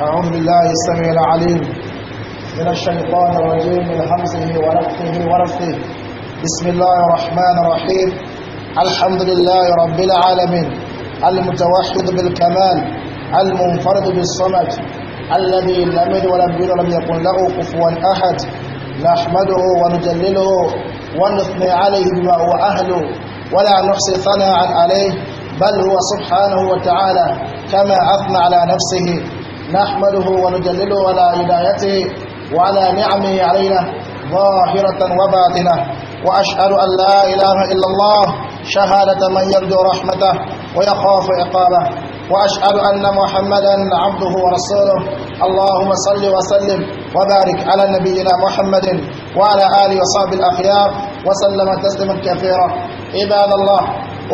أعوذ بالله السميع العليم من الشيطان الرجيم من همزه ونفخه ورفقه بسم الله الرحمن الرحيم الحمد لله رب العالمين المتوحد بالكمال المنفرد بالصمد الذي لم يلد ولم يولد ولم يكن له كفوا أحد نحمده ونجلله ونثني عليه بما هو أهله ولا نحصي ثناء عليه بل هو سبحانه وتعالى كما أثنى على نفسه نحمده ونجلله على هدايته وعلى نعمه علينا ظاهرة وباطنة وأشهد أن لا إله إلا الله شهادة من يرجو رحمته ويخاف عقابه وأشهد أن محمدا عبده ورسوله اللهم صل وسلم وبارك على نبينا محمد وعلى آله وصحبه الأخيار وسلم تسليما كثيرا عباد الله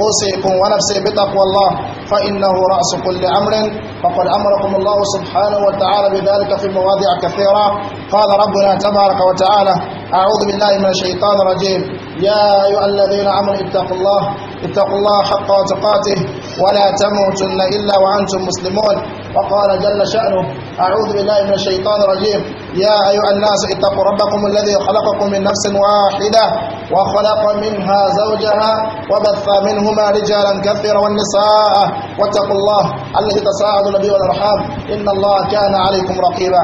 أوصيكم ونفسي بتقوى الله فإنه رأس كل أمر فقد أمركم الله سبحانه وتعالى بذلك في مواضع كثيرة قال ربنا تبارك وتعالى أعوذ بالله من الشيطان الرجيم يا أيها الذين آمنوا اتقوا الله اتقوا الله حق تقاته ولا تموتن إلا وأنتم مسلمون وقال جل شأنه أعوذ بالله من الشيطان الرجيم يا أيها الناس اتقوا ربكم الذي خلقكم من نفس واحدة وخلق منها زوجها وبث منهما رجالا كثيرا والنساء واتقوا الله الذي تساءلون النبي والأرحام إن الله كان عليكم رقيبا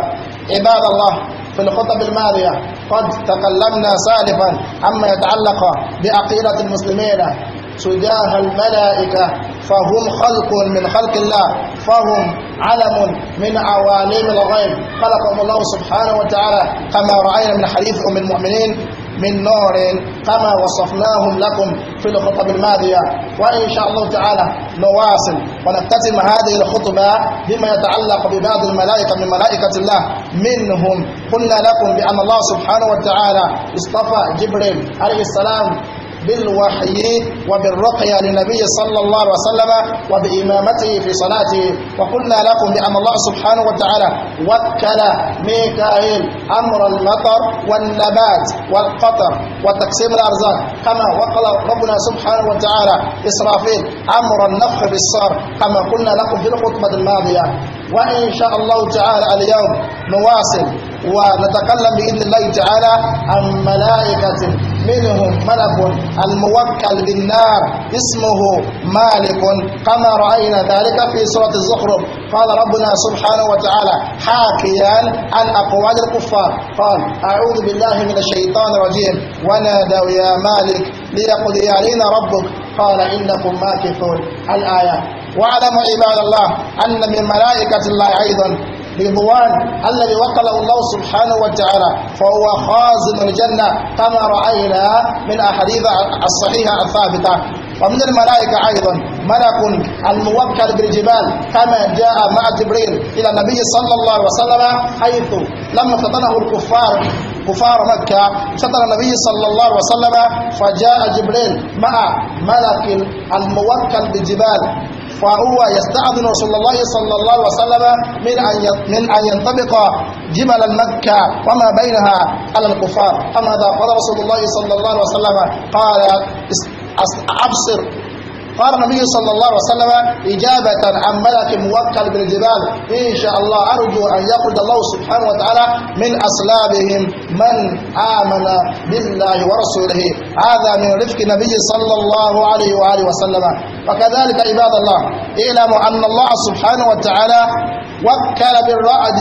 عباد الله في الخطب الماضية قد تكلمنا سالفا عما يتعلق بعقيدة المسلمين تجاه الملائكة فهم خلق من خلق الله فهم علم من عوالم الغيب خلقهم الله سبحانه وتعالى كما رأينا من حديث أم المؤمنين من نور كما وصفناهم لكم في الخطب الماضية وإن شاء الله تعالى نواصل ونختتم هذه الخطبة بما يتعلق ببعض الملائكة من ملائكة الله منهم قلنا لكم بأن الله سبحانه وتعالى اصطفى جبريل عليه السلام بالوحي وبالرقية للنبي صلى الله عليه وسلم وبإمامته في صلاته وقلنا لكم بأن الله سبحانه وتعالى وكل ميكائيل أمر المطر والنبات والقطر وتقسيم الأرزاق كما وقل ربنا سبحانه وتعالى إسرافيل أمر النفخ في الصار كما قلنا لكم في الخطبة الماضية وإن شاء الله تعالى اليوم نواصل ونتكلم بإذن الله تعالى عن ملائكة منهم ملك الموكل بالنار اسمه مالك كما رأينا ذلك في سورة الزخرف قال ربنا سبحانه وتعالى حاكيا عن أقوال الكفار قال أعوذ بالله من الشيطان الرجيم ونادوا يا مالك ليقضي علينا ربك قال إنكم ماكثون الآية واعلموا عباد الله أن من ملائكة الله أيضا رضوان الذي وكله الله سبحانه وتعالى فهو خازن الجنة كما رأينا من أحاديث الصحيحة الثابتة ومن الملائكة أيضا ملك الموكل بالجبال كما جاء مع جبريل إلى النبي صلى الله عليه وسلم حيث لما فتنه الكفار كفار مكة فتن النبي صلى الله عليه وسلم فجاء جبريل مع ملك الموكل بالجبال وهو يستأذن رسول الله صلى الله عليه وسلم من أن من أن ينطبق جبل مكة وما بينها على الكفار أما قال رسول الله صلى الله عليه وسلم قال أبصر قال النبي صلى الله عليه وسلم إجابة عن ملك موكل بالجبال إن شاء الله أرجو أن يخرج الله سبحانه وتعالى من أصلابهم من آمن بالله ورسوله هذا من رفق النبي صلى الله عليه وآله وسلم وكذلك عباد الله اعلموا أن الله سبحانه وتعالى وكل بالرعد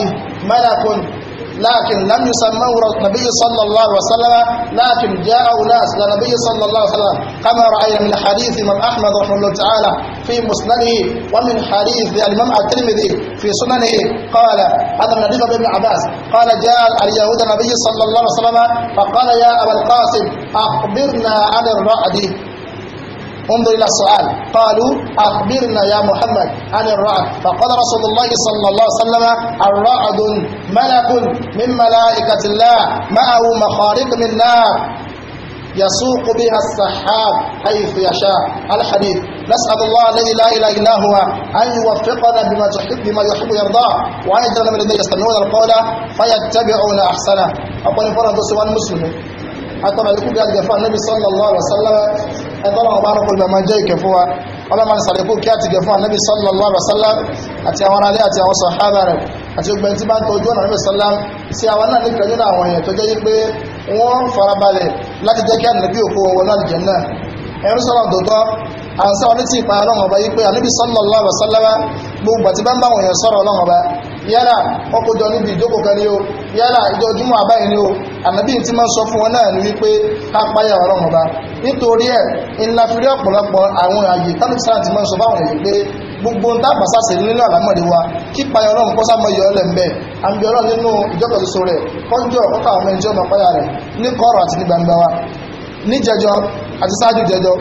ملك لكن لم يسموه النبي صلى الله عليه وسلم لكن جاءوا ناس للنبي صلى الله عليه وسلم كما رأينا من حديث من أحمد رحمه الله تعالى في مسنده ومن حديث الإمام الترمذي في سننه قال هذا من حديث ابن عباس قال جاء اليهود النبي صلى الله عليه وسلم فقال يا أبا القاسم أخبرنا عن الرعد انظر إلى السؤال قالوا أخبرنا يا محمد عن الرعد فقال رسول الله صلى الله عليه وسلم الرعد ملك من ملائكة الله معه مخارق من نار يسوق بها السحاب حيث يشاء الحديث نسأل الله الذي لا إله إلا هو أن يوفقنا بما تحب بما يحب ويرضى وأن يجعلنا من الذين يستمعون القول فيتبعون أحسنه أقول فرد سواء مسلم أتبع لكم بهذا النبي صلى الله عليه وسلم ẹ̀tọ́lọ́wọ́ bá nukú ìbẹ̀mọ̀ jẹ́ ìkẹ́ fún wa ọlọ́mọ ìsàlẹ̀kú kí á ti gẹ̀ fún anábì sallallahu alaihi wasallam àti àwọn aráalé àti àwọn sàhábà rẹ̀ àti ogbẹ̀n tí bá ń tọ́jú ọ̀nà anábì sallam sí àwọn náà nìkan nínú àwọn èèyàn tó jẹ́ wípé wọ́n farabalẹ̀ láti jẹ́ kí anábì òkú wọn wọnú àlùjánnà ẹ̀rú sọ̀rọ̀ yálà ọkọ̀jọ níbi ìjókòó kan ní o yálà ìjọ júmọ̀ àbáyé ní o ànábì tí máa ń sọ fún wọn náà ni wípé ká páyà ọlọ́run ọba nítorí ẹ̀ ńlá fi rí ọ̀pọ̀lọpọ̀ àwọn àyè tánù sáà ti máa ń sọ fáwọn èyí pé gbogbo ń tábà sáṣe nínú àlámọ̀dé wa kí páyà ọlọ́run kọ́ sámọ yọ ọlẹ̀ ńbẹ àmì ọlọ́run nínú ìjọba soso rẹ̀ kọ́jọ́ ọkọ̀ àwọn ẹni tí ó máa páyà rẹ̀ ní kọ̀rọ̀ àti ní gbangba wa ní jẹjọ àti ṣáájú jẹjọ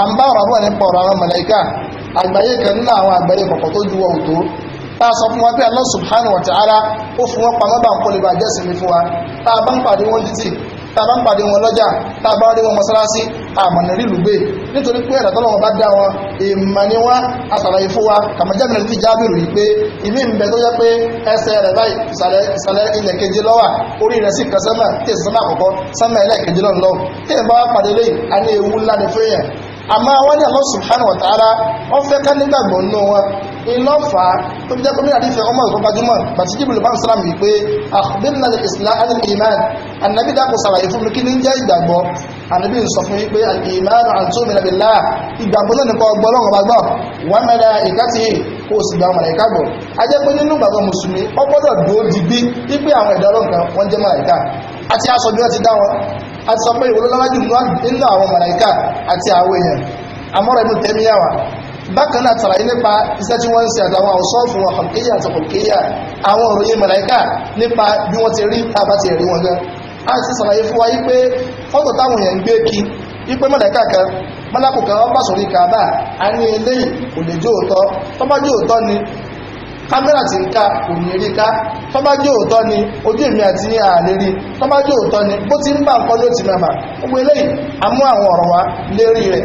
à ń bá ọ̀rọ̀ àbúrò nípa ọ̀rọ̀ àwọn màláíkà àgbáyé kan nínú àwọn àgbáyé kọ̀kọ̀ tó ju ọ̀hún tá a sọ fún wa pé Allah subhanahu wa ta'ala ó fún wọn pamọ́ bá ń kọ́ lè bá jẹ́sìn fún wa tá a bá ń pàdé wọn títì tá a bá ń pàdé wọn lọ́jà tá a bá rí wọn mọ́sálásí àmọ̀nà rí lùgbé nítorí pé ẹ̀dà tọ́lọ́wọ́n bá dá wọn èèmà ni wọ́n àṣàlàyé fún wa kàmọ́jábìnrin ti jábìrì rí pé ilé ìbẹ̀ tó jẹ́ pé ẹsẹ̀ rẹ̀ báyìí ìsàlẹ̀ ilẹ̀ keje lọ́wà orí rẹ̀ sì kan sẹ́mà tí èsì sẹ́mà àkọ́kọ́ sẹ́mà ilẹ̀ keje lọ́nà lọ tí ìbá wa pàdé lẹ́yìn a ní ewu ńlá ni fún èèyàn àmọ́ wọ́n ní Allah subhanahu wa ta'ala wọ́n fẹ́ ká nígbàgbọ́ nínú wọn ìlọ́fà tó fi jẹ́ kó ní àdífẹ́ ọmọ ìfọ́ gbajúmọ̀ bàtí jíbìlì bá ń sàlámù wípé àkùbínà islam al-iman annabi dákò sàlàyé fún mi kí ní jẹ́ ìgbàgbọ́ annabi ń sọ fún wípé al-iman antumina billah ìgbàgbọ́ náà nípa ọgbọ́ lọ́wọ́ bá gbọ́ wọ́n mẹ́rẹ̀ ìkátì kó o sì gba màlàíkà gbọ́ a jẹ́ pé nínú ìgbàgbọ́ mùsùlùmí ó gbọ́dọ̀ dúró digbí wípé àwọn ẹ̀dá ọlọ́run kan wọ́n jẹ́ màlàíkà àti aṣọ bí wọ́n ti dá wọn a ti sọ pé ìwòlọ́láwájú inú tẹ́míyàwá bákan náà tàlàyé nípa iṣẹ́ tí wọ́n ń ṣe àtàwọn àwọ̀sọ́ọ̀fù wọn àkàkíyà àtàkùnkíyà àwọn òròyìn màláíkà nípa bí wọ́n ti rí tàbá ti ẹ̀rí wọn gan a ti sàlàyé fún wa yí pé fọ́tò táwọn èèyàn ń gbé kí yí pé màláíkà kan mọ́lákù kan wọ́n pàṣọ orí kàábà a ní eléyìí kò lè jó òótọ́ tó jó òótọ́ ni kámẹ́rà ti ń ká kò ní rí ká tó jó òótọ́ ni ojú èmi àti ní ààlè rí tó jó òótọ́ ni bó ti ń bá nǹkan ló ti mẹ́mà gbogbo eléyìí a àwọn ọ̀rọ̀ wa lérí rẹ̀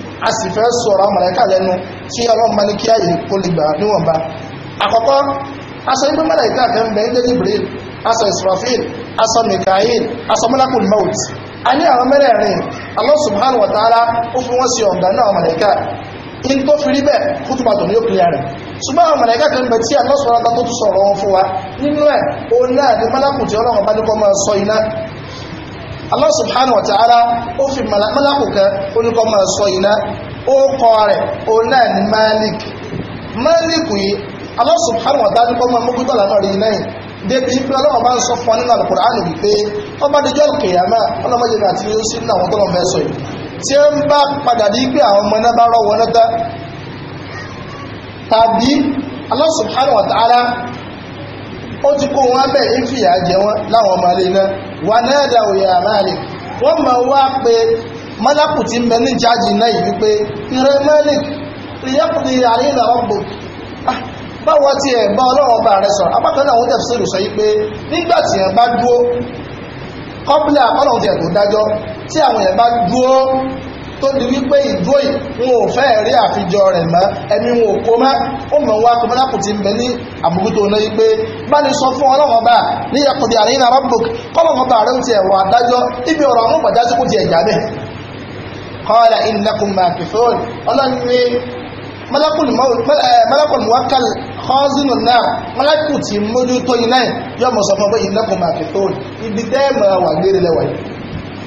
a sì fẹ́ sọ̀rọ̀ mọ̀lẹ́kà lẹ́nu tí ọlọ́run bá ní kí ààyè kó lè gbà níwọ̀nba àkọ́kọ́ aṣọ ibi mọ̀lẹ́kà kan bẹ̀ ń dé Jibril aṣọ Israfil aṣọ Mikail aṣọ malakul maut a ní àwọn mẹ́rẹ̀ẹ̀rin Allah subhanahu wa ta'ala ó fi wọ́n sí ọ̀gá náà mọ̀lẹ́kà in tó fi rí bẹ́ẹ̀ kútùbà tó ní ó kìlẹ̀ rẹ̀ ṣùgbọ́n àwọn mọ̀lẹ́kà kan bẹ̀ tí Allah subhanahu wa ta'ala tó tún sọ̀rọ̀ wọn fún wa nínú ẹ̀ òun náà ni malakul tí ọlọ́run bá ní kọ́ máa sọ iná Allah subhanahu wa ta'ala ó fi mọ́lákù kan oníkọ́ máa sọ iná ó kọ́ rẹ̀ ó náà Malik Malik yìí Allah subhanahu wa ta'ala ọ nínú Al-Qur'an wípé ọba dẹjọ́ kìyàmá ọlọ́mọdé ní àti yóò sí nínú àwọn tọ́lọ́ padà ta'ala ó ti kó wọn bẹ́ẹ̀ ń fìyà jẹ wọn láwọn ọmọ alẹ́ náà wà náà dà òye àmàlẹ́ wọ́n máa wá pé mọ́lákù ti ń bẹ ní jáàjì náà yìí wípé ìrẹ́ mẹ́lẹ̀ ah, ti ẹ̀ bá ọba rẹ apákan náà wọ́n sọ yìí pé nígbà tí bá ti tó tí àwọn tó di wípé ìdúró yìí wọn ò fẹ́ rí àfijọ rẹ̀ mọ́ ẹni wọn ò kó mọ́ ó mọ̀ wá tó mọ́lápù ti ń bẹ ní àbúkútó náà wípé bá ní sọ fún ọlọ́wọ́n bá ní ẹkùnrin àríyìn arábùk kọ́lọ́wọ́n bá rẹ̀ ti ẹ̀wọ̀n adájọ́ ibi ọ̀rọ̀ àwọn ọ̀pàdá sí kò ti ẹ̀já bẹ́ẹ̀ kọ́lá ìnẹ́kùn màkìfóòn ọlọ́ni malakul eh,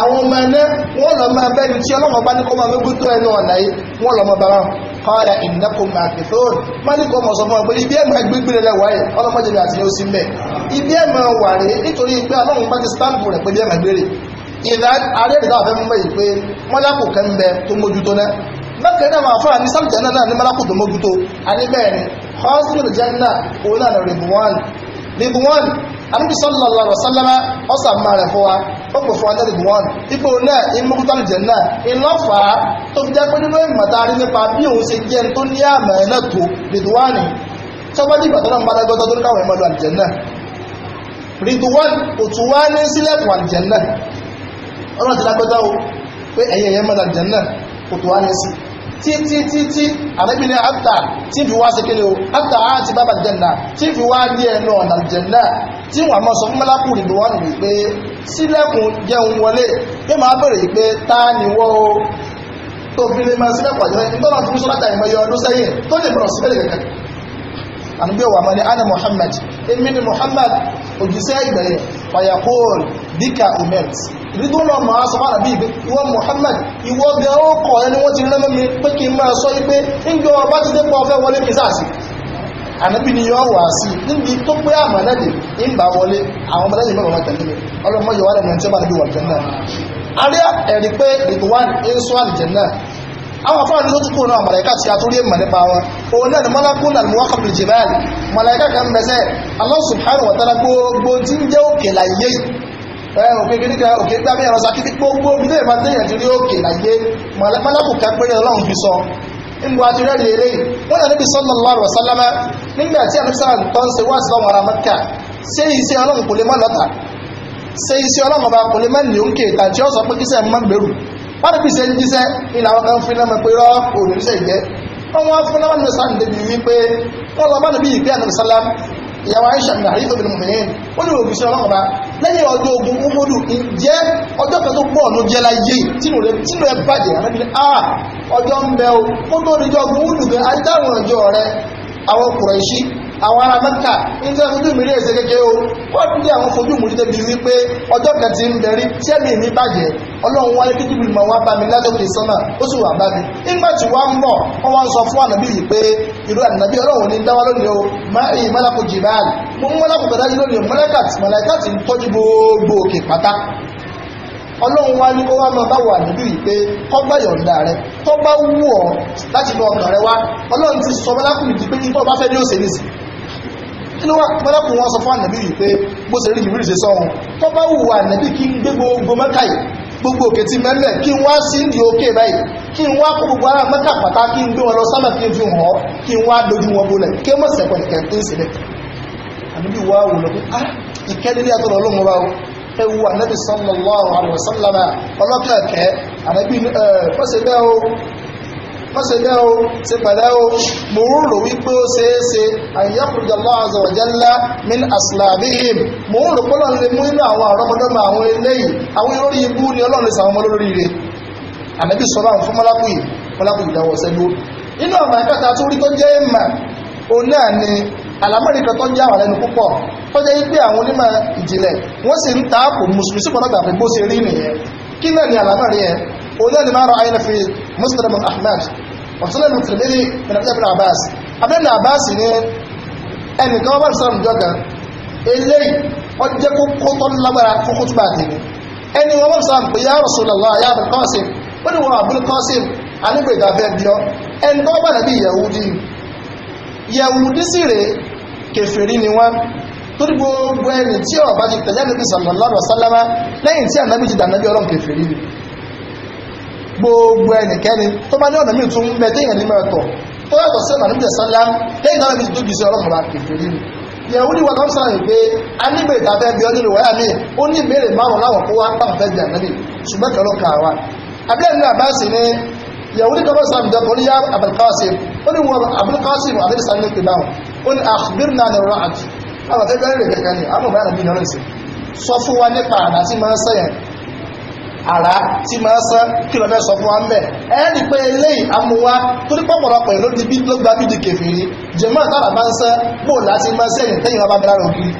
àwọn ọmọ ẹ̀nẹ́ wọ́n lọ máa bẹ́ni tí ọlọ́wọ́ bá ní kó máa mẹ́gbú tó ẹnu ọ̀nà yìí wọ́n lọ máa bára kọ́ra ìnákùn máa fi fóònù máa ní kó sọ fún pé ibi ẹ̀mọ̀ gbígbìrì rẹ̀ wáyé ọlọ́mọdé rẹ̀ àti ní sí mẹ́ ibi wà rí nítorí pé bá ti stampu rẹ̀ pé ibi gbére ìdá ìdá àfẹ́ mọ́ yìí pé mọ́lákù bẹ tó a anábì sallallahu alaihi wasallam ọ̀sà máa rẹ̀ fún wa ó pè fún adẹ́dẹ̀ gbọ́n ipò náà ìmọ̀kútà lùjẹ̀ náà iná fà á tó fi jẹ́ pé nínú ìmọ̀ta rí nípa bí òun ṣe jẹ́ tó ní àmà ẹ̀ náà tó rìdùwánì tọ́gbọ́n dìgbà tó náà ń bá dágbọ́tọ́ tó ní káwọn ẹ̀mọ́ lọ àlùjẹ̀ náà rìdùwán òtù wá ní sílẹ̀kùn àlùjẹ̀ náà ọlọ́run ti dágbọ́tọ́ o pé ẹ̀yẹ̀ ẹ̀yẹ̀ mọ́ àlùjẹ̀ náà òtù wá ní sí títítítí ànábì ní àtà tí fi wá sí o àtà ti bábà jẹ́nà tí fi wá ní ẹnu na jẹ́nà tí wọ́n mọ́ sọ fún nìbí wọ́n nìbí pé sílẹ̀kùn jẹun wọlé yóò máa bẹ̀rẹ̀ yìí pé ta ni wọ́n o ana Muhammad emi ni Muhammad fayakol dika umelt ìdí tó lọ màá sọ fáwọn àbí ìwọ Muhammad ìwọ bí ó kọ̀ ẹni wọ́n ti rí lọ́mọ́ mi pé kí n máa sọ pé ńjọ ọba ti dé pọ̀ fẹ́ wọlé kí sáàsì ànábì ni yọ wà sí níbi tó pé àmà lẹ́dì ń bá wọlé àwọn ọmọ lẹ́yìn mẹ́wàá tẹ̀lé mi ọlọ́mọ yọ wà lẹ́nu tí ó bá níbi wà jẹ́ náà arí ẹ̀rí pé ètò wà àwọn afọ́nà ló tún náà màláìká tí a tó rí èmà nípa wọn òun náà ni mọ́lákún náà mọ́ kọ̀pù jìbáàlì màláìká kan bẹ̀sẹ̀ Allah subhanahu wa gbogbo tí ń jẹ́ òkè láyé òkè kìníkà òkè gbámi ẹ̀rọ sakiti gbogbo ilé ìmá tẹ́yàn ti rí òkè láyé mọ́lápù kápẹ́rẹ́ ọlọ́run fi sọ nígbà àti rẹ́rì eré wọ́n yà níbi sallallahu alaihi wasallam nígbà tí àmì sáà tó ń ṣe wá sí ọmọ ramaka ṣé iṣẹ́ ọlọ́run kò lè má lọ́ta ṣé iṣẹ́ ọlọ́run bá kò lè má lè òkè tàbí ọ̀sọ̀ pé kíṣẹ́ má gbèrú wọ́n fi ṣe ń jíṣẹ́ ilẹ̀ àwọn kan fún lọ́mọ pé rọ́ òrùn iṣẹ́ ìjẹ́ ìyàwó aisha ní àríkò bíi mùmìnín ó ní òbí sí ọlọ́mọba lẹ́yìn ọjọ́ ogun umudu ìjẹ́ ọjọ́ kan tó pọ̀ ló jẹ́ láyé tínú rẹ̀ bàjẹ́ àrẹ́bìnrin a ah, ọjọ́ ń bẹ o ó tó níjọ́ ogun umudu gan adáwọn ọjọ́ rẹ̀ àwọn Kùrẹ́ṣì àwọn ará mẹ́ta ìjẹ́ fojú mi rí èsè kékeré o wọ́n ti dé àwọn fojú mi rí débi wípé ọjọ́ ti ń bẹ̀rí tí ẹ̀mí mi bàjẹ́ ọlọ́run wáyé kí jìbìlì mọ̀ wá bá mi ó sì wà bá mi nígbà tí wọ́n wọ́n o èyí mo mú yìí lónìí mọ́lákàtì mọ́lákàtì ń tọ́jú gbogbo òkè pátá ọlọ́run wá ní kó wá máa bá wà yìí inú wa mọ́lákùn wọn sọ fún ànàbí yìí pé bó ṣe rí jìbìrì ṣe sọ́hun tó bá wù wà ànàbí kí ń gbé gbogbo mẹ́kà yìí gbogbo òkè ti mẹ́lẹ̀ kí n wá sí ìdí òkè báyìí kí n wá kó gbogbo ara mẹ́kà pàtà kí n gbé wọn lọ sámà kí n fi hàn ọ́ kí n wá dojú wọn bolẹ̀ kí n mọ̀ sẹ̀kọ̀ nìkẹ́ tó ń sílẹ̀ ànàbí wa wò lọ pé ah ìkẹ́lẹ́lẹ́ àtọ́lọ́ ló mú wa o ẹwu ànàbí sallallahu mọ́sẹ̀ bẹ́ẹ̀ o ṣe pẹ̀lẹ́ o mo ń rò wípé ó ṣe é ṣe àyẹ̀kùrùjà lọ́wọ́ azza wa jalla min aslamihim mo ń rò pé ọlọ́run lè mú inú àwọn àrọ́mọdọ́mọ àwọn eléyìí àwọn olórí ibú ni ọlọ́run lè sàwọn ọmọ lórí rẹ̀ ànábì sọ̀rọ̀ àwọn fún mọ́lákù yìí mọ́lákù yìí dáwọ́ sẹ́gbó inú ọ̀nà ìkẹta tó rí tó jẹ́ ìmà òun náà ni olóòlù máa rọ àyínà fi muslim ahmed ọ̀túnlẹ̀ mùtìrìmìrì ìrìnàbíyàbìnà abbas abẹ́nà abbas ní ẹnìkan wọ́n sọ̀rọ̀ jọ́gà eléyìí wọ́n jẹ́ kókó tó lágbára kókó tó bá dé ẹni wọ́n sọ̀rọ̀ pé yá rasulullah yá abul qasim ó ní wọn abul qasim anígbè ìdàfẹ́ bíọ́ ẹni tó bá nàbí yahudi yahudi sì rèé kèfèrí ni wọ́n torí gbogbo ẹni tí ó bá ti tẹ̀lé ànábì sallallahu alaihi wasallam lẹ́yìn tí ànábì ti dà ànábì ọlọ́run kèfèrí ni gbogbo ẹnikẹ́ni tó bá ní ọ̀nà míì tún bẹ téèyàn ní mẹ́tọ̀ tó yàtọ̀ sí ọ̀nà níbi sọ́lá lẹ́yìn náà níbi tó jù sí ọlọ́mọba kẹfẹ́ nínú yẹ̀wò ní wọn kọ́mísà rẹ̀ pé a nígbè ìtafẹ́ bí ọdún ìwọ̀yà mi ó ní ìbéèrè márùn láwọn kó wá bá fẹ́ jà níbi ṣùgbọ́n kẹló ka wa abẹ́rẹ́ nínú àbáṣe ní yẹ̀wò ní kọ́mísà rẹ̀ dọ́kọ̀ oníyá abdulkasim ó ní wọn abdulkasim adébísà ní pè dáhùn ó ní àkùbír náà ní rọ́ọ̀t àwọn afẹ́fẹ́ rẹ̀ kẹ̀kẹ́ ni àwọn ọmọ yàrá mi ní ọ̀rẹ́ sọ fún wa nípa àdásí máa ń sẹ́yìn Ara tí máa sán kí lọ́fẹ́ sọ fún wa ń bẹ̀ ẹ rí pé eléyìí amúwá tó ní pọ̀pọ̀lọpọ̀ ló di bí ló gba bí di kèfìrí jẹ̀mọ́ àtàrà bá ń sán bò láti máa sẹ́yìn tẹ́yìn wọn bá dára ògiri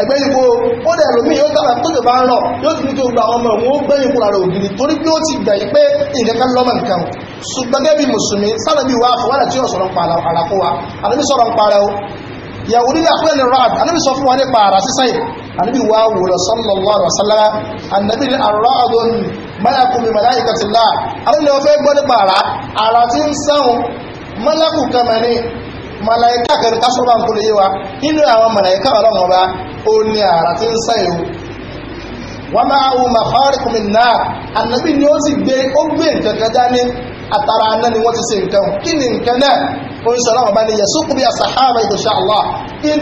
ẹgbẹ́ ìgbò ó dẹ̀ lómi yóò tàbí tó lè bá ń rọ yóò ti ní tó gba ọmọ òun ó gbẹ́yìn kúra rẹ̀ ògiri torí bí ó ti gbà yí pé ìkankan lọ́mọ nǹkan ṣùgbọ́n gẹ́gẹ́ bí mùsùlùmí sábà bí wàá fọwọ́dà tí yóò sọ̀rọ̀ ń pa àràkó wa àdébí sọ̀rọ̀ ń parẹ́ o yàwó nílẹ̀ àpẹẹrẹ rad àdébí sọ fún wa nípa àrà sísáyìí anabi wa wòlò sallallahu alaihi wasallam anabi ni àrọ́ àdó ni mọ́lákù mi màláìka ti láà àwọn ilẹ̀ ọ̀fẹ́ gbọ́ nípa ara ara ti ń sáwọn mọ́lákù kamani màláìka kan kásọ̀ bá ń kúrò yé wa nínú àwọn màláìka ọlọ́run ọba ó ní ara ti ń sáyẹn wọ́n máa wù màkọ́rìkù mi náà anabi ni ó sì gbé ó gbé nǹkan kan dání àtàrà náà ni ti ṣe nǹkan kí ni nǹkan náà sọ ọlọ́run ọba ni yẹ sókùnrin insha Allah in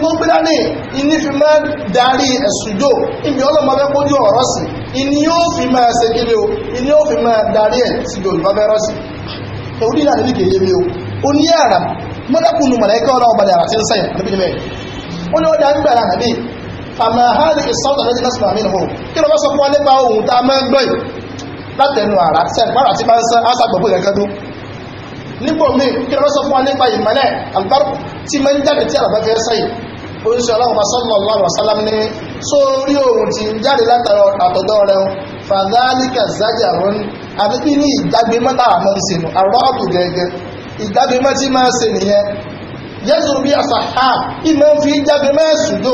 inifima gbéra ní fi ibi ọlọ́mọdé kójú ọ̀rọ̀ sí iní yóò fi máa ṣe kiri o yóò fi máa darí ẹ̀ sí sí mi o ó ní àrà mọ́dákùnù mọ̀lẹ́kẹ́ ọlọ́wọ́ balẹ̀ àrà ń sẹ́yìn àbí bíi mẹ́rin ó ní ó dá ń àmà hàlì ìsọ́ọ̀tà lẹ́tí náà sàmì kí bá sọ fún wa nípa ohun nígbò míì kí lọ́wọ́ sọ fún wa nípa ìmọ̀lẹ̀ àlùbárò tí máa ń jáde tí àlàbá fẹ́ sẹ́yìn oríṣi ọlọ́run sallallahu alaihi wasallam ní sórí oòrùn ti ń jáde látara àtọ̀dọ́ rẹ̀ fàdálíkà zájàrún àti kí ní ìdágbémọ́ tá a ń sènù àrọ́ ọ̀tù gẹ́gẹ́ ìdágbémọ́ tí máa ń nìyẹn yẹ́sùrù bí àṣàhà ìmọ̀ fi jáde mẹ́sùdò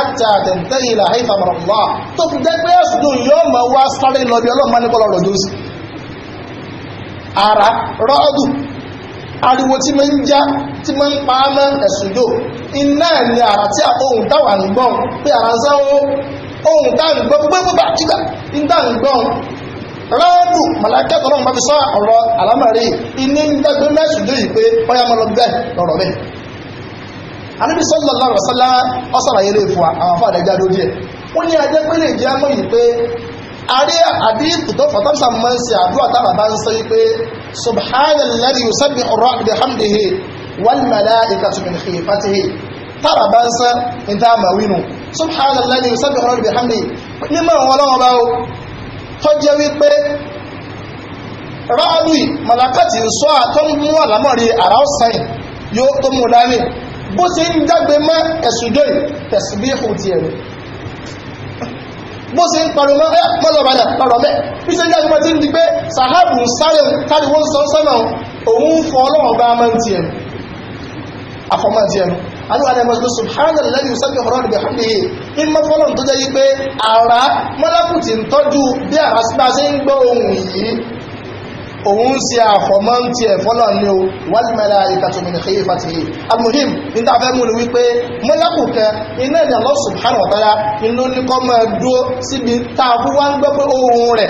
àti àtẹ̀ntẹ́ ìlà haifa mọ̀rọ̀lá tó fi jẹ́ pé ẹ̀sùdò yóò mọ̀ wá sáré lọ bí ọlọ́run máa ní ara rọ́ọ̀dù ariwo tí ma ń já tí ma ń pa á mọ́ ẹ̀sùn yóò iná ẹ̀ ni àrà tí ohun táwa ń gbọ́n pé àrà ń sáwọ́ ohun tá ń gbọ́n pé pé bàtíkà ń tá ń gbọ́n rádù màláìkà tó lọ́nà bá fi sọ ọ̀rọ̀ àlámàrí iná ń dẹ́gbẹ́ mẹ́sùn yóò yìí pé ọyá mọ́ lọ bẹ́ẹ̀ lọ́rọ̀ mi Ànábì sallallahu alaihi wasallam ọ̀sàlàyé lè fún àwọn afọ àdájá lórí ẹ̀ wọ́n ní ajẹ́ pé lè jẹ́ mọ́ pé àrí àdíìtù tó fọ́tọ́sà máa ń ṣe àdúrà táwọn bá ń sọ yìí pé subhanalladhi yusabbihu ar-ra'du bihamdihi wal mala'ikatu min khifatihi tára bá ń sán ní tá a máa wínú subhanalladhi yusabbihu ar-ra'du bihamdihi mímọ́ wọn lọ́wọ́ bá o tó jẹ́ wípé ráàlú malakati ń sọ àtọ́ mú àlámọ̀rí àrà ọ̀sán yóò tó mú dání bó ṣe ń dágbe mọ́ ẹ̀sùn jọ́ì tẹ̀síbíhù tiẹ̀ rẹ̀ bó ṣe ń parọ́ mọ́ mọ́lọ́bàdà parọ́ mẹ́ bí ṣe ń jáde mọ́tí ní pé sahabu ń sáré táriwó ń sọ́n sọ́nà òun ń fọ ọlọ́run bá máa ń tiẹ̀ afọ́mọ́ tiẹ̀ anu ala masu subhanal ladhi yusabbihu rabbi bihamdihi in ma fọlọ tó jẹ́ òun ṣe àfọ̀mọ́ ń ti ẹ̀fọ́lọ̀ ní o wàlìmẹ́ra ìkàtòmìnì kìí fàtìlì almuhim níta fẹ́ mú ni wípé mọ́lákù kan Allah subhanahu wa ta'ala inú ní kọ́ máa dúró síbi tá a fún wa ń gbọ́ pé ohun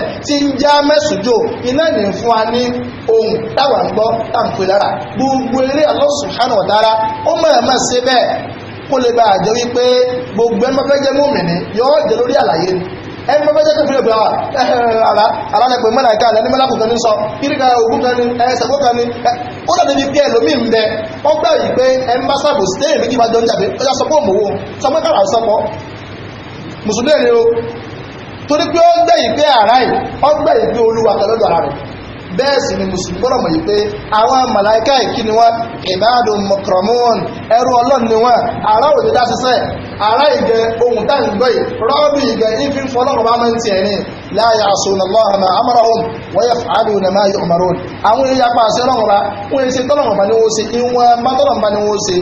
iná ní fún wa ní ohun Allah subhanahu wa ta'ala ó mọ̀ ẹ̀ mọ̀ ṣe bẹ́ẹ̀ kó lè bá àjọ wípé gbogbo ẹ̀ mọ́ fẹ́ jẹ́ mọ́mìnì yọ ẹni bá a kéfìlẹ̀ gbà ara ara nẹ́pẹ̀ mẹ́nà ìka alẹ́ ní mẹ́lákùn kan ní sọ kíríkà ogun kan ní ẹsẹ̀kọ́ kan ní ó dàbí bí pẹ́ẹ́ lómi ń bẹ wọ́n gbà yìí pé ẹ ń bá sáàbò sí téèrè méjì bá jọ ń ó yà sọ pé sọ pé mùsùlùmí o torí pé ara yìí yìí pé olúwa bẹ́ẹ̀ sì ni mùsùlùmí gbọ́dọ̀ mọ̀ yìí pé àwọn màláìka ìkí ni wọ́n ìbáàdùn mọ̀kànmọ́ọ̀n ẹrú ọlọ́run ni wọ́n ará òde dá ṣiṣẹ́ ará ìgẹ ohun tá ń gbọ́ yìí rọ́ọ̀bù ìgẹ ìfi ń fọlọ́run bá máa ń tiẹ̀ ní la ya'suna Allaha ma amarahum wa yaf'aluna ma yu'marun àwọn èèyàn apá àṣẹ ọlọ́run bá wọ́n ṣe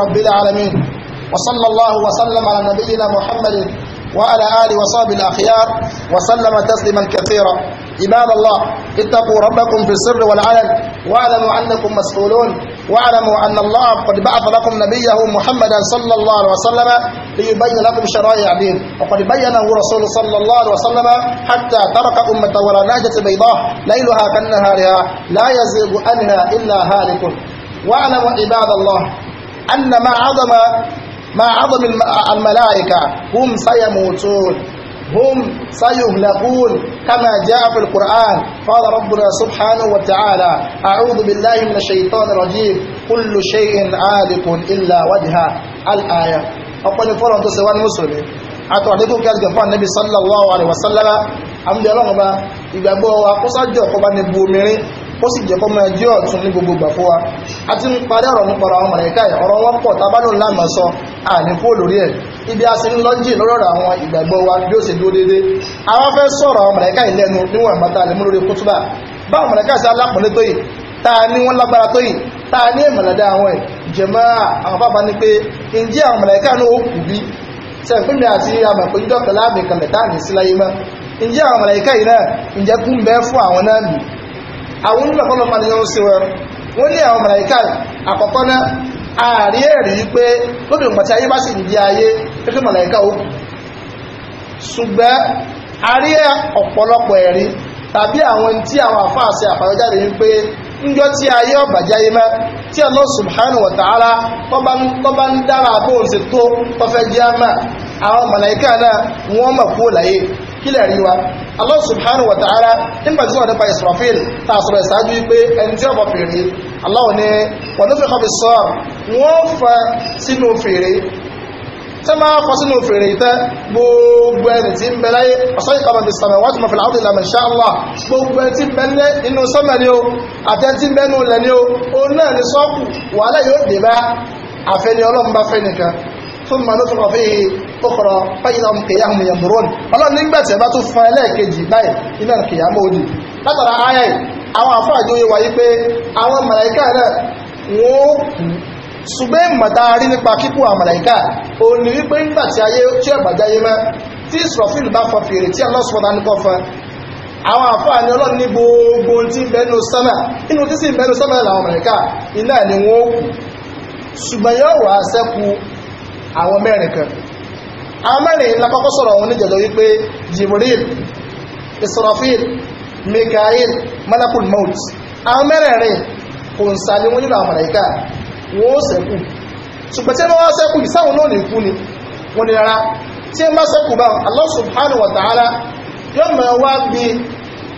rabbil alamin وصلى الله وسلم على نبينا محمد وعلى آله وصحبه الأخيار وسلم تسليما كثيرا عباد الله اتقوا ربكم في السر والعلن واعلموا أنكم مسؤولون واعلموا أن الله قد بعث لكم نبيه محمدا صلى الله عليه وسلم ليبين لكم شرائع الدين وقد بينه رسول صلى الله عليه وسلم حتى ترك أمة ولا نهجة بيضاء ليلها كنهارها لا يزيغ عنها إلا هالك واعلموا عباد الله أن ما عظم ma azami almalaika hum sayamutun hum sayuhlakun kama jaa fi alquran qala rabbuna subhanahu wa ta'ala a'udhu billahi minash shaitani rajim kullu shay'in alikun illa wajha al-aya ọ̀pọ̀ ni fọ́lọ̀ tó ṣe wá ní mùsùlùmí àtọ̀ àdékùn kí a sallallahu alaihi wasallam àmì ọlọ́run bá ìgbàgbọ́ wa kó sájọ́ ọ̀pọ̀ bá bu omi ó sì jẹ́ kó máa jẹ́ ọ̀tún ní gbogbo ìgbà fún wa a ti ń parí ọ̀rọ̀ nípa ọ̀rọ̀ àwọn mọ̀lẹ́kà yìí ọ̀rọ̀ wọn pọ̀ tábánù lánàá sọ àní kúrò lórí ẹ̀ ibi a sì ń lọ́jì lọ́rọ̀ àwọn ìgbàgbọ́ wa bí ó sì dúró déédé àwọn fẹ́ sọ̀rọ̀ àwọn mọ̀lẹ́kà yìí lẹ́nu níwọ̀n bàtà lè mú lórí kútúbà báwọn mọ̀lẹ́kà sí alápọ̀lẹ́ tó yìí ta ni wọ́n lágbára tó yìí ta ni ìmọ̀lẹ́dá àwọn ẹ̀ jẹ̀mọ́ àwọn bàbá ni pé ǹjẹ́ àwọn mọ̀lẹ́kà náà kù bí sẹ́ǹpínlẹ̀ àti àmọ̀péjọ́ pẹ̀lú àmì kan tá àmì sí láyé mọ́ ǹjẹ́ àwọn mọ̀lẹ́kà yìí náà ǹjẹ́ kú ń bẹ́ fún àwọn náà nìí àwọn onímọ̀ fọlọ́ máa níyàn sí wọn wọ́n ní àwọn màláíkà àkọ́kọ́ náà ààrí ẹ̀rí pé lóbi ìgbà ayé bá sì ń ayé pé màláíkà ó ṣùgbọ́n a rí ọ̀pọ̀lọpọ̀ ẹ̀rí tàbí àwọn tí àwọn àfáàṣẹ àfàyọjáde wípé níjọ́ tí ayé ọ̀bàjáyé mẹ́ tí subhanahu wa ta'ala tó bá ń dára bóun ṣe tó jẹ́ mẹ́ àwọn náà kílẹ̀ rí wa Allah subhanahu wa ta'ala nígbà tí wọ́n nípa Israfil ta sọ̀rọ̀ ìsáájú wípé ẹni tí ọmọ fèrè Allah ni wọ́n ló fi kọ́ fi sọ wọ́n fa sínú fèrè tẹ́ máa fọ́ sínú fèrè ìtẹ́ gbogbo ẹni tí ń bẹ láyé ọ̀sán ìkọ̀mọ̀ ti sàmẹ̀ wọ́n ti mọ̀ fìlà ثم نفخ فيه أخرى فإذا هم قيام ينظرون ọlọ́run nígbà tí ẹ bá tún fún ẹlẹ́ẹ̀kejì báyìí iná kìyàmọ́ òdì látara ayé àwọn àfáàjò yẹ wáyé pé àwọn màláìkà náà wọ́n ó kú ṣùgbọ́n ìmọ̀dáarí nípa kíkú àwọn màláìkà ò ní wípé nígbà tí ayé tí ẹ̀bàjáyé mọ́ tí ìsọ̀fíìl bá fọ fèrè tí ọlọ́sùn ọ̀dà nìkan fún àwọn àfáà ni ọlọ́run ní gbogbo tí ń bẹnu sánà inú tí sì ń bẹnu sánà làwọn màláìkà iná ni wọ́n ó kú ṣùgbọ́n yóò wá sẹ́kù àwọn mẹ́rin kan àwọn mẹ́rin lápapọ̀ sọ̀rọ̀ àwọn oníjẹ̀jọ́ wípé Jibril Israfil Mikael Malakul Maut àwọn mẹ́rẹ̀ẹ̀rin kò ń sa ní wọ́n nínú àwọn màláíkà wọ́n sẹ́kù ṣùgbọ́n tí wọ́n sẹ́kù ìsáwọn náà nìkú ni wọ́n rárá tí wọ́n sẹ́kù bá subhanahu wa ta'ala yóò mọ̀ wá bí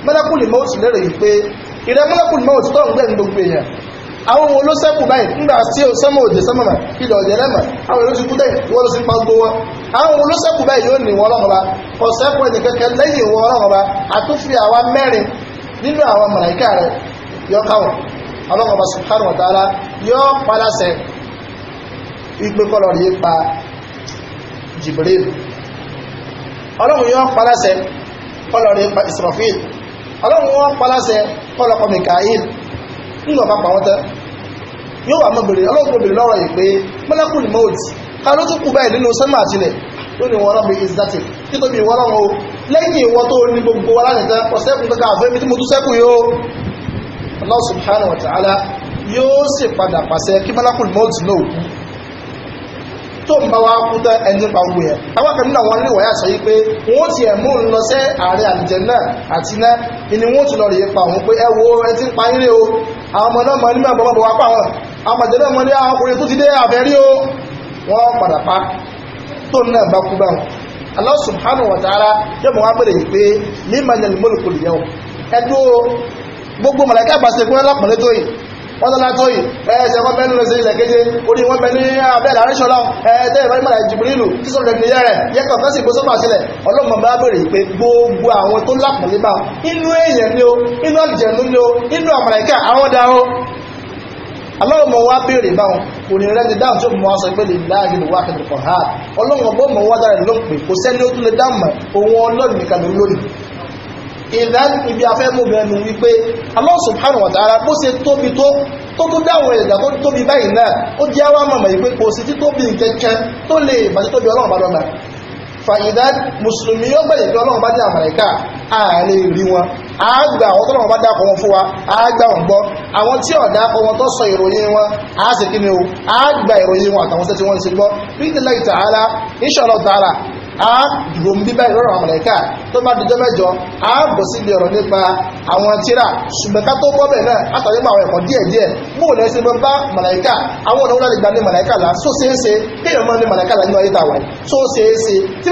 Malakul yìí pé ìrẹ́ Malakul tó ń àwọn ohun olóṣẹ́kù báyìí nígbà tí ó sẹ́mọ̀ òdè sẹ́mọ̀ mà ilẹ̀ ọ̀dẹ̀ lẹ́mà àwọn èlò ti kú tẹ̀yìn wọ́n ló sì pa gbowó àwọn ohun olóṣẹ́kù báyìí yóò ní wọn ọlọ́run ọba ọ̀sẹ́kù ẹ̀dẹ̀ kẹ́kẹ́ lẹ́yìn ìwọ ọlọ́run ọba àtúnfi àwa mẹ́rin nínú àwọn màláìkà rẹ̀ yọkà wọn ọlọ́run ọba subhanahu wa ta'ala yọ palasẹ̀ ìgbé kọlọ̀ rí pa Jibril ọlọ́run yọ palasẹ̀ kọlọ̀ rí pa Israfil ọlọ́run yọ palasẹ̀ kọlọ̀ kọ Mikail nígbà bá pa wọ́n tẹ́ yóò wà mọ́bìnrin ọlọ́gbọ̀nbìnrin lọ́rọ̀ yìí pé mọ́lẹ́kùn mọ́ọ̀tì ká ló tún kú báyìí nínú sánmà àtilẹ̀ ló ní wọ́n rọ́bì ìsìdátì títóbi ìwọ́n rọ́rùn o lẹ́yìn ìwọ́n tó ní gbogbo wa lánìtẹ́ ọ̀sẹ́kùn tó káàfẹ́ mi tí mo tún sẹ́kù yóò Allah subhanahu wa ta'ala yóò sì padà pàṣẹ kí mọ́lẹ́kùn mọ́ọ̀tì náà kú tó ń bá wa kú tán ẹni pa owó yẹn àwọn kan nínú àwọn ilé ìwọ̀yà sọ yìí pé wọ́n ti ẹ̀ mú un lọ sẹ́ ààrẹ àlìjẹ náà àti iná ni wọ́n ti lọ rèé pa òun pé ẹ ẹ ti ń pa ilé o àwọn ọmọ náà mọ nígbà bọ́ bọ́ wá pa wọn àwọn àjẹ náà mọ ní àwọn ah, ọkùnrin tó ti dé àfẹ́rí o wọ́n padà pa tó náà bá kú báwọn Allah subhanahu wa ta'ala yóò mọ̀ wá bèrè yìí pé mímọ̀ ní ẹni mọ́lùkù lìyẹn o ẹ dúró gbogbo mọ̀lẹ́kẹ́ àgbàṣe fún ẹlọ́pàá lẹ́tọ́ yìí wọ́n tọ́lá tó yìí ẹ̀ẹ́sẹ̀ wọ́n bẹ́ẹ̀ lọ sí ilẹ̀ keje orí wọ́n bẹ́ẹ̀ ní abẹ́ẹ̀ láàrin ṣọlá ẹ̀ẹ́dẹ́ ìbáyìí mọ̀lá jìbìrìlù tí sọ̀rọ̀ rẹ̀ nìyẹn rẹ̀ yẹ kọ̀ọ̀kan ni o inú àjẹ̀nú ni o inú àmàlẹ́kà àwọn dá o aláwọ̀ mọ̀ wá bèèrè báwọn kò ní rẹ́ni dáhùn tí ó mọ̀ sọ pé lè láàrin ìwà àkẹ́kọ̀ọ́ ha ọlọ́run ọgbọ́n mọ̀ wá dára ló ń pè kò sẹ́ni ó tún ìdán ibi afẹ́ mú bẹnu wípé Allah subhanahu wa ta'ala bó ṣe tóbi tó tó tó dáwọn ẹ̀dà tó tóbi báyìí náà ó jẹ́ wá mọ̀mọ̀ ìpé kò sí tí tóbi kẹ́kẹ́ tó lè bàtí tóbi ọlọ́run bá dọ́nà fàyídá mùsùlùmí ó gbẹ̀yẹ̀ pé ọlọ́run bá jẹ́ àmàríkà ààrẹ rí wọn àágbà àwọn tọ́lọ́run bá dákọ̀ wọn fún wa àágbà wọn gbọ́ àwọn tí ọ̀dà akọ tó sọ ìròyìn wọn àá sì kí ni o àágbà ìròyìn wọn àtàwọn tẹ́tí wọn ti gbọ́ bí ìdílé ìtàhálà inshallah ta'ala A dùrò ń bí báyìí lọ́rọ̀ àwọn mọ̀lẹ́kà tó bá dijọ́ mẹ́jọ á bọ̀ síbi ọ̀rọ̀ nípa àwọn tíra ṣùgbọ́n ká tó bọ́ bẹ̀ náà á tàbí àwọn ẹ̀kọ́ díẹ̀ díẹ̀ bó o lè ṣe bá mọ̀lẹ́kà àwọn ọ̀nà wúlọ́dẹ̀ gba ní mọ̀lẹ́kà là só ṣe é ṣe kéèyàn mọ́ ní mọ̀lẹ́kà là nínú ayé tàwa yìí só ṣe é ṣe tí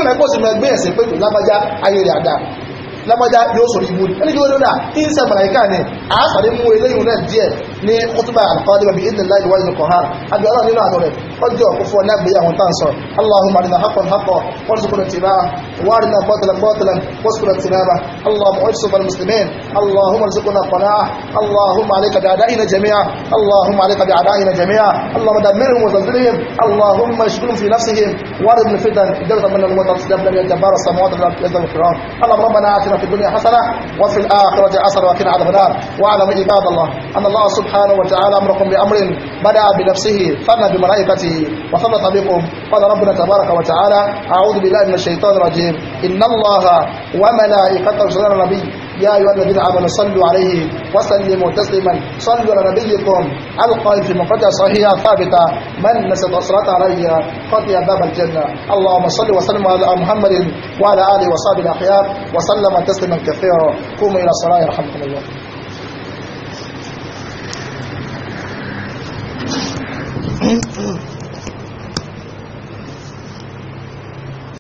lámọ́já yóò sọ ibú ní ẹni gbogbo náà kí n sẹ màláìká ni a sàrí mú eléyìí náà díẹ̀ ní kútùbà àlùfáàdé bàbí ìdè láì wáyé ní kọ̀hán àbí ọlọ́run nínú àdó rẹ̀ ọjọ́ òkúfọ́ lágbèyà àwọn tá à ń sọ اللهم ارنا حقا حقا وارزقنا اتباعه وارنا باطلا باطلا وارزقنا اجتنابه اللهم ارزق المسلمين اللهم ارزقنا قناعه اللهم عليك باعدائنا جميعا اللهم عليك باعدائنا جميعا اللهم دمرهم وزلزلهم اللهم اشغلهم في نفسهم وارد من الفتن الدولة من الموت تصدق لنا جبار السماوات والارض الكرام اللهم ربنا اتنا في الدنيا حسنة وفي الآخرة أسر وكن عذاب النار واعلم عباد الله أن الله سبحانه وتعالى أمركم بأمر بدأ بنفسه فنى بملائكته وثبت بكم قال ربنا تبارك وتعالى أعوذ بالله من الشيطان الرجيم إن الله وملائكته يصلون على النبي يا أيها الذين آمنوا صلوا عليه وسلموا تسليما صلوا على نبيكم القائل في مقدة صحيحة ثابتة من نسيت الصلاة علي قطع باب الجنة اللهم صل وسلم على محمد وعلى آله وصحبه الأخيار وسلم تسليما كثيرا قوموا إلى الصلاة يرحمكم الله